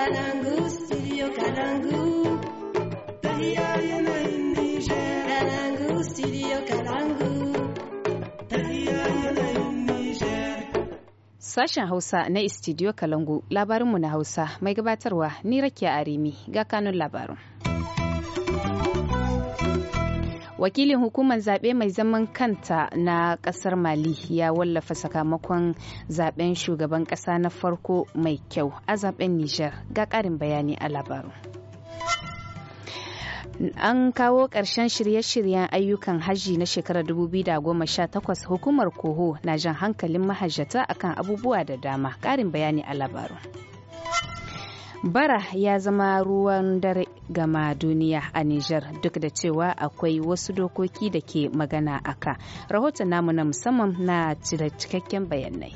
Kalangu, Sashen Hausa na Studio Kalangu labarinmu na Hausa mai gabatarwa ni Rakiya Arimi ga kanun labarin. wakilin hukumar zaɓe mai zaman kanta na ƙasar mali ya wallafa sakamakon zaɓen shugaban ƙasa na farko mai kyau a zaɓen nijar ga ƙarin bayani a labaru an kawo ƙarshen shirye-shiryen ayyukan hajji na shekarar 2018 hukumar koho na jan hankalin mahajjata akan abubuwa da dama ƙarin bayani a labaru bara ya zama ruwan dare gama duniya a Nijar duk da cewa akwai wasu dokoki da ke magana aka. Rahoton namu na musamman na cikakken bayanai.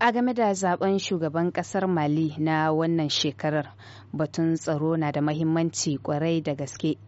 a game da zaben shugaban kasar mali na wannan shekarar batun tsaro na da mahimmanci kwarai da gaske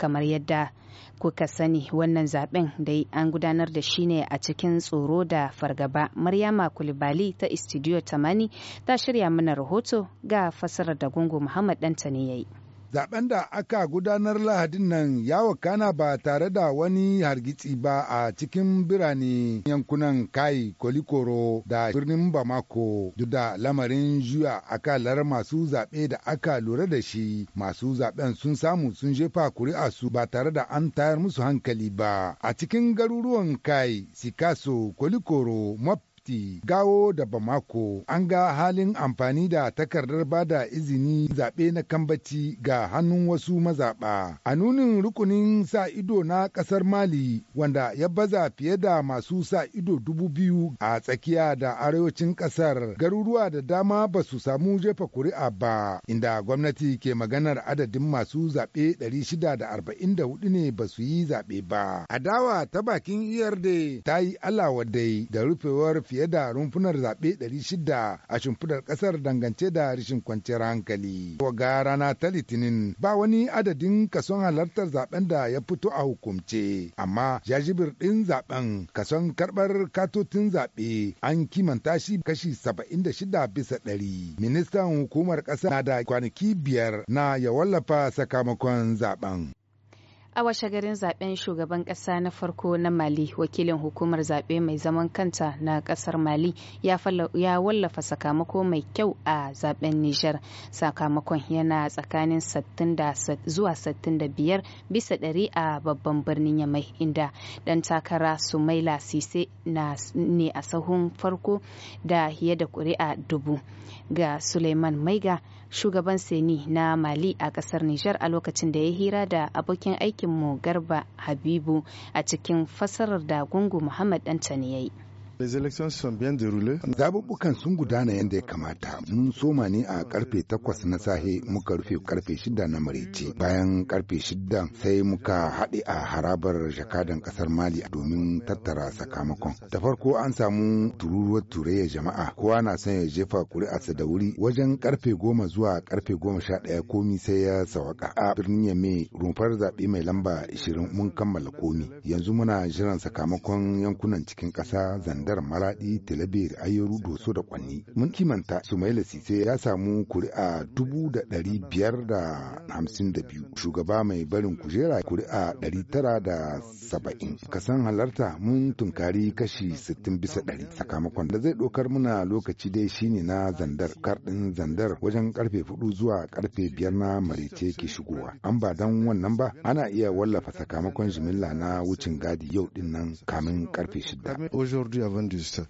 kamar yadda kuka sani wannan zaben da an gudanar da shi ne a cikin tsoro da fargaba maryama kulibali ta istidiyo tamani ta shirya mana rahoto ga fasarar da gungu muhammad ɗanta ne ya yi zaben da aka gudanar lahadin nan ya wakana ba tare da wani hargitsi ba a cikin birane yankunan kai kolikoro da birnin bamako duk da lamarin juya lara masu zaɓe da aka lura da shi masu zaɓen sun samu sun jefa kuri'a su ba tare da an tayar musu hankali ba a cikin garuruwan kai sikaso kolikoro map Kasti, Gawo da Bamako, an ga halin amfani da takardar bada izini zaɓe na kambaci ga hannun wasu mazaɓa. A nunin rukunin sa ido na ƙasar Mali, wanda ya baza fiye da masu sa ido dubu biyu a tsakiya da arewacin ƙasar, garuruwa da dama ba su samu jefa kuri'a ba, inda gwamnati ke maganar adadin masu zaɓe 644 ne ba su yi zaɓe ba. Adawa ta bakin iyar ta yi alawa da rufewar fiye fiye da rumfunar zaɓe 600 a shimfidar ƙasar dangance da rashin kwanciyar hankali. ga rana ta Litinin ba wani adadin kason halartar zaɓen da ya fito a hukumce, amma jajibir ɗin zaɓen kason karɓar katotin zaɓe an kimanta shi kashi 76 bisa ɗari. Ministan hukumar ƙasa na da kwanaki biyar na ya wallafa sakamakon zaɓen. A shagarin zaben shugaban kasa na farko na Mali, wakilin hukumar zaɓe mai zaman kanta na kasar Mali ya wallafa sakamako mai kyau a zaben niger Sakamakon yana tsakanin 60 zuwa 65 bisa ɗari a babban birnin Yamai inda ɗan takara Sumaila Sise ne a sahun farko da fiye da ƙuri'a dubu ga Suleiman Maiga shugaban seni na mali a kasar nijar a lokacin da ya hira da abokin aikinmu garba habibu a cikin fasarar da gungu muhammad dan ya yi bien Zaɓuɓɓukan sun gudana yadda ya kamata. Mun soma ne a karfe takwas na sahe muka rufe karfe shida na marece. Bayan karfe shida sai muka haɗe a harabar jakadan ƙasar Mali domin tattara sakamakon. Da farko an samu tururuwar turayya jama'a. Kowa na san ya jefa ƙuri'arsa da wuri wajen karfe goma zuwa ƙarfe goma sha ɗaya komi sai ya sawaka. A birnin Yame rumfar zaɓe mai lamba ishirin mun kammala komi. Yanzu muna jiran sakamakon yankunan cikin ƙasa zanda zandar maradi talabir ayeru doso da kwanni mun kimanta sumaila sise ya samu kuri'a dubu da ɗari biyar da hamsin da biyu shugaba mai barin kujera kuri'a ɗari tara da saba'in kasan halarta mun tunkari kashi sittin bisa ɗari sakamakon da zai ɗaukar muna lokaci dai shine na zandar karɗin zandar wajen karfe hudu zuwa karfe biyar na marice ke shigowa an ba dan wannan ba ana iya wallafa sakamakon jimilla na wucin gadi yau dinnan kamin karfe shida. 90.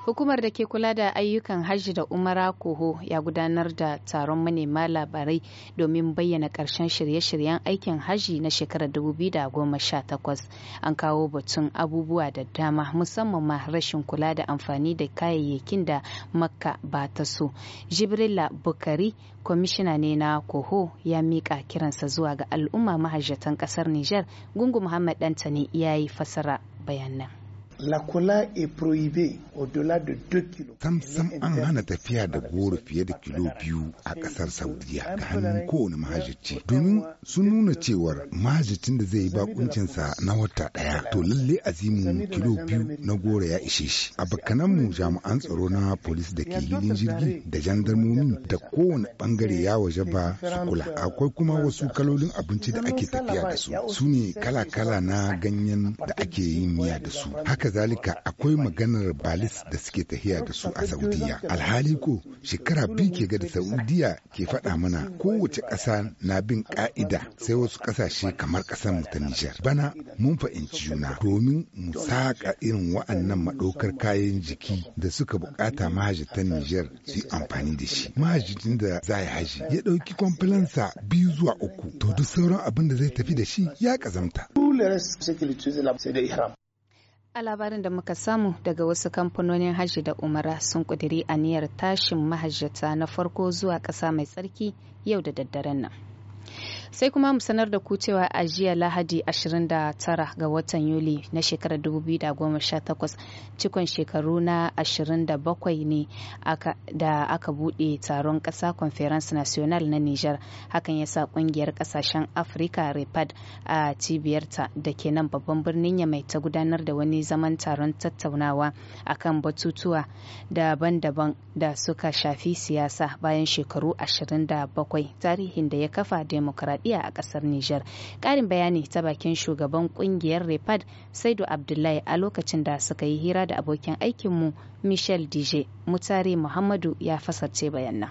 Hukumar da ke kula da ayyukan hajji da umara koho ya gudanar da taron manema labarai domin bayyana ƙarshen shirye-shiryen aikin hajji na shekarar 2018. An kawo batun abubuwa da dama musamman ma rashin kula da amfani da kayayyakin da makka ba ta so. Jibrila Bukari, kwamishina ne na koho ya miƙa kiransa zuwa ga al'umma mahajjatan ƙasar Nijar, Gungu Muhammad Dantani ya yi fasara bayanan. La kula e prohibée au-delà de 2 kilos. Sam sam an hana tafiya da goro fiye da kilo biyu a kasar Saudiya ga hannun kowane mahajjaci. Domin sun nuna cewar mahajjacin da zai yi bakuncinsa na wata ɗaya to lalle azimin kilo biyu na goro ya ishe shi. A mu jami'an tsaro na polis da ke hilin jirgi da jandarmomi da kowane bangare ya waje ba su kula. Akwai kuma wasu kalolin abinci da ake tafiya da su. Su ne kala-kala na ganyen da ake yin miya da su. Haka kazalika akwai maganar balis da suke tahiya da su a saudiya alhali ko shekara biyu ke gada saudiya ke faɗa mana kowace ƙasa na bin ƙa'ida sai wasu ƙasashe kamar ƙasar mu ta nijar bana mun fahimci juna domin mu saƙa irin wa'annan maɗaukar kayan jiki da suka buƙata mahajjatan nijar su yi amfani da shi mahajjin da za ya haji ya ɗauki kwamfilansa biyu zuwa uku to duk sauran abin da zai tafi da shi ya ƙazamta. A labarin da muka samu daga wasu kamfanonin hajji da umara sun a niyyar tashin mahajjata na farko zuwa ƙasa mai tsarki yau da daddaren nan. sai kuma mu sanar da ku cewa a jiya lahadi 29 ga watan yuli na shekarar 2018 cikon shekaru na 27 ne da aka bude taron ƙasa conference national na niger hakan ya sa kungiyar kasashen afirka repad a cibiyarta da ke nan babban birnin yamai ta gudanar da wani zaman taron tattaunawa a kan batutuwa daban-daban da suka shafi siyasa bayan shekaru 27 tarihin da ya kafa demokradiyya Iya a ƙasar Nijar. Ƙarin bayani ta bakin shugaban ƙungiyar Repad Saidu Abdullahi a lokacin da suka yi hira da abokin aikinmu Michel Dije Mutare Muhammadu ya fasarce bayan nan.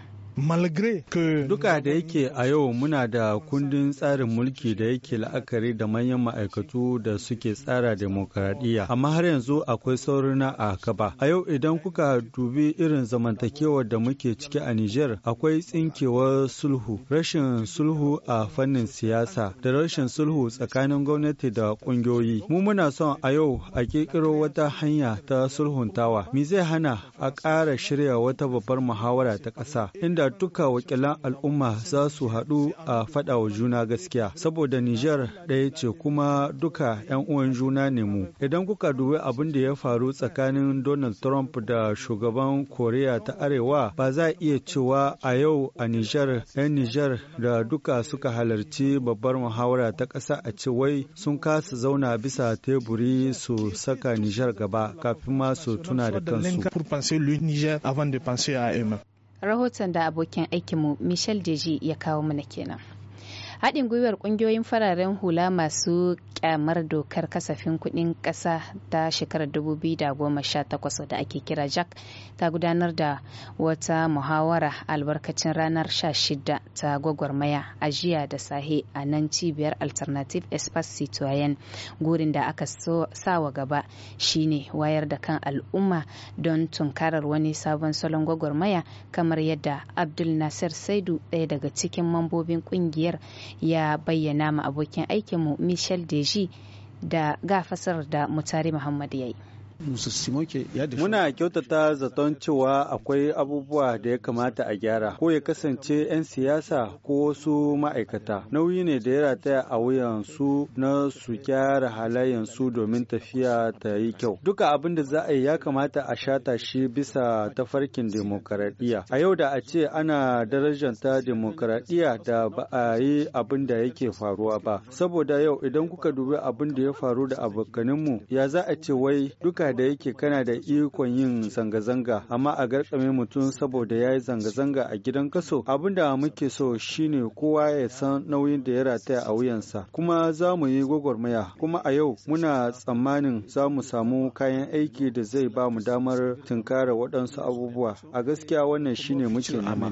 Duka da yake a yau muna da kundin tsarin mulki da yake la'akari da manyan ma'aikatu da suke tsara demokradiyya amma har yanzu akwai saurina a gaba. A yau idan kuka dubi irin zamantakewar da muke ciki a Nijar, akwai tsinkewar sulhu, rashin sulhu a fannin siyasa, da rashin sulhu tsakanin gwamnati da ƙungiyoyi. Mu muna son a yau a ƙirƙiro wata hanya ta sulhuntawa. Me zai hana a ƙara shirya wata babbar muhawara ta ƙasa, inda da duka wakilan al'umma za su haɗu a faɗa wa juna gaskiya saboda Nijar ɗaya ce kuma duka 'yan uwan juna ne mu. Idan kuka dubi abin da ya faru tsakanin Donald Trump da shugaban Koriya ta Arewa ba za a iya cewa a yau a Nijar 'yan Nijar da duka suka halarci babbar muhawara ta ƙasa a ce wai sun kasa zauna bisa teburi su saka Nijar gaba kafin ma su tuna da kansu. rahoton da abokin aikinmu michel deji ya kawo mana kenan haɗin gwiwar ƙungiyoyin fararen hula masu kyamar dokar kasafin kuɗin ƙasa ta shekarar 2018 da ake kira jack ta gudanar da wata muhawara albarkacin ranar 16 ta gwagwarmaya a jiya da sahe a nan cibiyar alternative espace citoyen gurin da aka sawa gaba shine wayar da kan al'umma don tunkarar wani sabon salon gwagwarmaya kamar yadda abdul nasir saidu ɗaya daga cikin mambobin ƙungiyar ya bayyana ma abokin aikinmu michel deji da gafasar da mutari muhammad ya yi Muna kyautata zaton cewa akwai abubuwa da ya kamata a gyara ko ya kasance 'yan siyasa ko wasu ma'aikata. Nauyi ne da ya rataya a wuyansu na su gyara halayensu domin tafiya ta yi kyau. Duka abin da za a yi ya kamata a shata shi bisa tafarkin demokaradiyya. A yau da a ce ana darajanta demokaradiyya da ba a yi abin da yake faruwa ba. Saboda yau idan kuka dubi abin da ya faru da abokaninmu ya za a ce wai duka da yake kana da ikon yin zanga-zanga amma a garkame mutum saboda ya yi zanga-zanga a gidan kaso abin da muke so shine kowa ya san nauyin da ya rataya a wuyansa kuma za mu yi gwagwarmaya kuma a yau muna tsammanin za mu samu kayan aiki da zai ba mu damar tunkara waɗansu abubuwa a gaskiya wannan shine muke nema.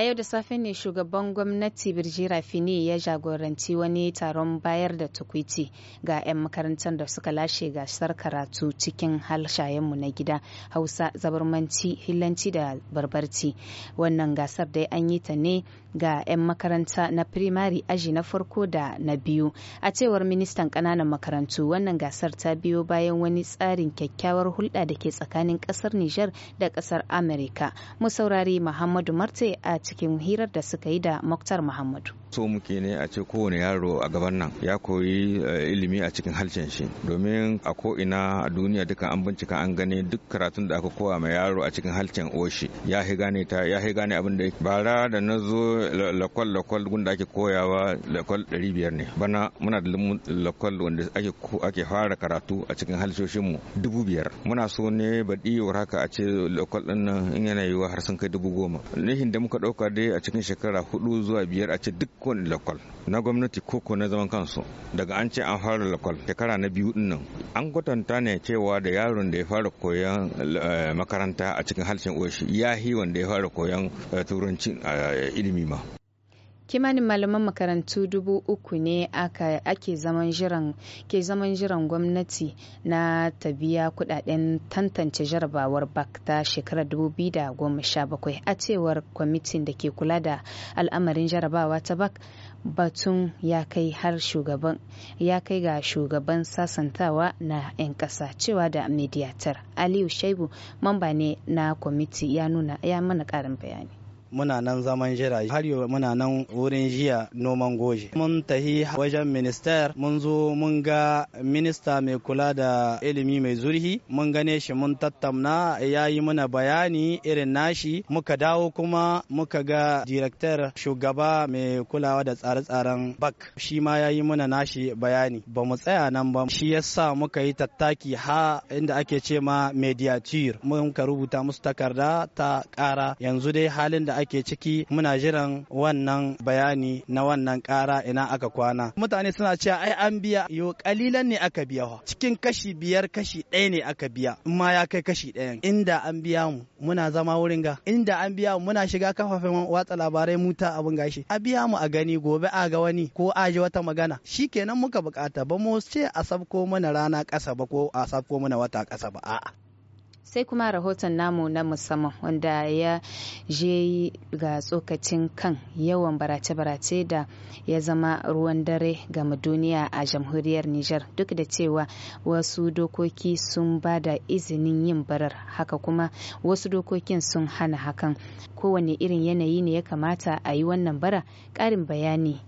A yau da safe ne shugaban gwamnati Birjira Fini ya jagoranci wani taron bayar da tukwiti ga 'yan makarantar da suka lashe gasar karatu cikin halshayenmu na gida Hausa, Zabarmanci, Hillanci da Barbarci. Wannan gasar dai an yi ta ne ga 'yan makaranta na firimari aji na farko da na biyu. A cewar ministan ƙananan makarantu wannan gasar ta biyo bayan wani tsarin kyakkyawar hulɗa da ke tsakanin ƙasar Nijar da ƙasar Amerika. Mu saurari Muhammadu Marte a cikin hirar da suka yi da Muktar Muhammadu. so muke ne a ce kowane yaro a gaban nan ya koyi eh, ilimi a cikin harshen shi domin a ko ina a duniya duka an bincika an gani duk karatun da aka koya ma yaro a cikin harshen oshi ya hi gane ta ya hi gane abin da yake bara da na zo lakwal lakwal gunda ake koyawa lakwal 500 ne bana muna da lakwal wanda ake ake fara karatu a cikin halshoshin mu 5000 muna so ne baɗi haka a ce lakwal din nan in yana yiwa har sun kai 10000 nihin da muka ɗauka dai a cikin shekara hudu zuwa biyar a ce duk kowane lakwal na gwamnati ko ko na zaman kansu daga an ce an fara lakwal shekara na biyu din an kwatanta ne cewa da yaron da ya fara koyon eh, makaranta a cikin harshen oshi ya hi wanda ya fara koyon eh, turanci a eh, ilimi ma kimanin malaman makarantu dubu uku ne ake zaman jiran ke zaman jiran gwamnati na ta biya kudaden tantance jarabawar bak ta shekarar 2017 a cewar kwamitin da ke kula da al'amarin jarabawa ta bak batun ya kai har shugaban ya kai ga shugaban sasantawa na 'yan ƙasa cewa da mediatar aliyu shaibu mamba ne na kwamiti ya nuna ya mana ƙarin bayani muna nan zaman jira har yau muna nan wurin jiya noman goji mun tahi wajen minister mun zo mun ga minista mai kula da ilimi mai zurhi mun gane shi mun tattamna ya yi muna bayani irin nashi muka dawo kuma muka ga director shugaba mai kulawa da tsare-tsaren bak shi ma ya yi muna nashi bayani ba mu tsaya nan ba shi yasa muka yi tattaki ha inda ake ce ma mediatur ka rubuta musu takarda ta kara yanzu dai halin da ake ciki muna jiran wannan bayani na wannan kara ina aka kwana mutane suna cewa ai an biya yo kalilan ne aka biya cikin kashi biyar kashi ɗaya ne aka biya in ma ya kai kashi ɗayan inda an biya mu muna zama wurin ga inda an biya mu muna shiga kafafen watsa labarai muta abin gashi a biya mu a gani gobe a ga wani ko a ji wata magana shikenan muka bukata ba mu ce a sabko mana rana ƙasa ba ko a sabko muna wata ƙasa ba a'a sai kuma rahoton namu na musamman wanda ya je ga tsokacin kan yawan barace-barace da ya zama ruwan dare game duniya a jamhuriyar Nijar duk da cewa wasu dokoki sun ba da izinin yin barar haka kuma wasu dokokin sun hana hakan kowane irin yanayi ne ya kamata a yi wannan bara ƙarin bayani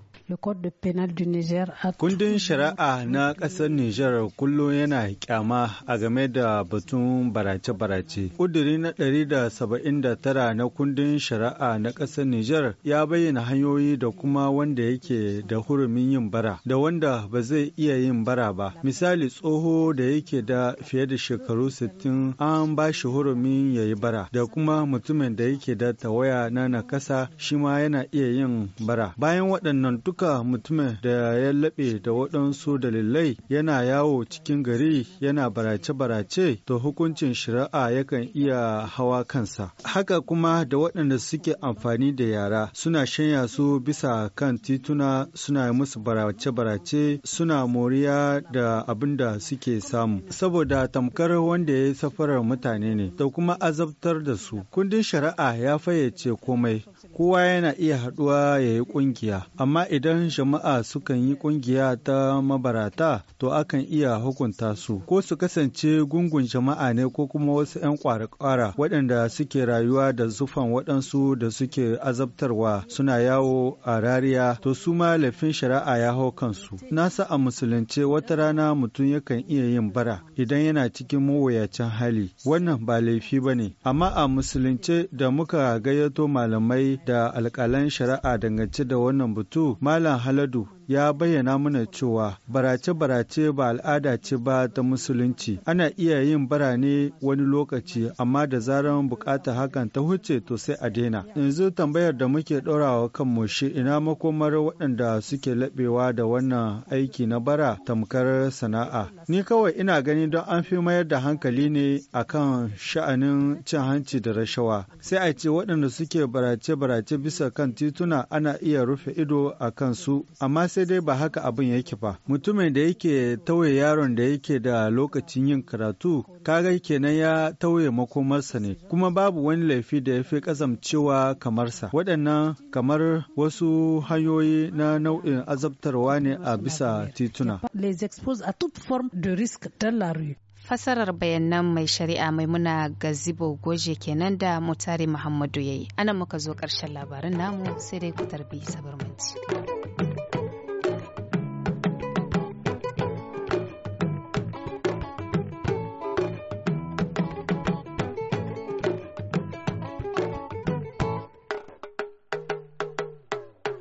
Kundin shari'a na ƙasar Nijar kullum yana kyama a game da batun barace-barace. Ƙuduri na 179 na kundin shari'a na ƙasar Nijar ya bayyana hanyoyi da kuma wanda yake da hurumin yin bara, da wanda ba zai iya yin bara ba. Misali tsoho da yake da fiye da shekaru 60 an ba shi hurumin ya yi bara, da kuma mutumin da yake da tawaya na nakasa shi ma yana iya yin bara. Bayan waɗannan duka duka mutumin da ya laɓe da waɗansu dalilai yana yawo cikin gari yana barace-barace to hukuncin shari'a yakan iya hawa kansa. Haka kuma da waɗanda suke amfani da yara suna shanya su bisa kan tituna suna musu barace-barace suna moriya da abin da suke samu. Saboda tamkar wanda ya yi safarar mutane ne da kuma azabtar da su. Kundin shari'a ya fayyace komai kowa yana iya haɗuwa ya yi ƙungiya amma idan idan jama'a sukan yi kungiya ta mabarata to akan iya hukunta su ko su kasance gungun jama'a ne ko kuma wasu 'yan kwara-kwara waɗanda suke rayuwa da zufan waɗansu da suke azabtarwa suna yawo a rariya to su ma laifin shari'a ya hau kansu Na sa a musulunce wata rana mutum yakan iya yin bara idan yana cikin mawuyacin hali wannan ba laifi ba ne amma a musulunce da muka gayyato malamai da alƙalan shari'a dangance da wannan butu Malam Haladu ya bayyana mana cewa barace-barace ba al'ada ce ba ta musulunci. Ana iya yin barane wani lokaci amma da zarar bukata hakan ta huce to sai a daina. Yanzu tambayar da muke ɗorawa kanmu shi ina makomar waɗanda suke laɓewa da wannan aiki na bara tamkar sana'a. Ni kawai ina gani don an fi mayar da hankali ne akan sha'anin cin hanci da rashawa. Sai a ce waɗanda suke barace-barace bisa kan tituna ana iya rufe ido a kansu amma sai sai dai ba haka abin yake ba. Mutumin da yake tauye yaron da yake da lokacin yin karatu, kaga kenan ya tauye makomarsa ne, kuma babu wani laifi da ya fi kasancewa kamarsa. Waɗannan kamar wasu hanyoyi na nau'in azabtarwa ne a bisa tituna. Fasarar bayanan mai shari'a maimuna gazibo goje kenan da mutare Muhammadu ya yi. Ana muka zo karshen labarin namu sai dai ku tarbi sabar manci.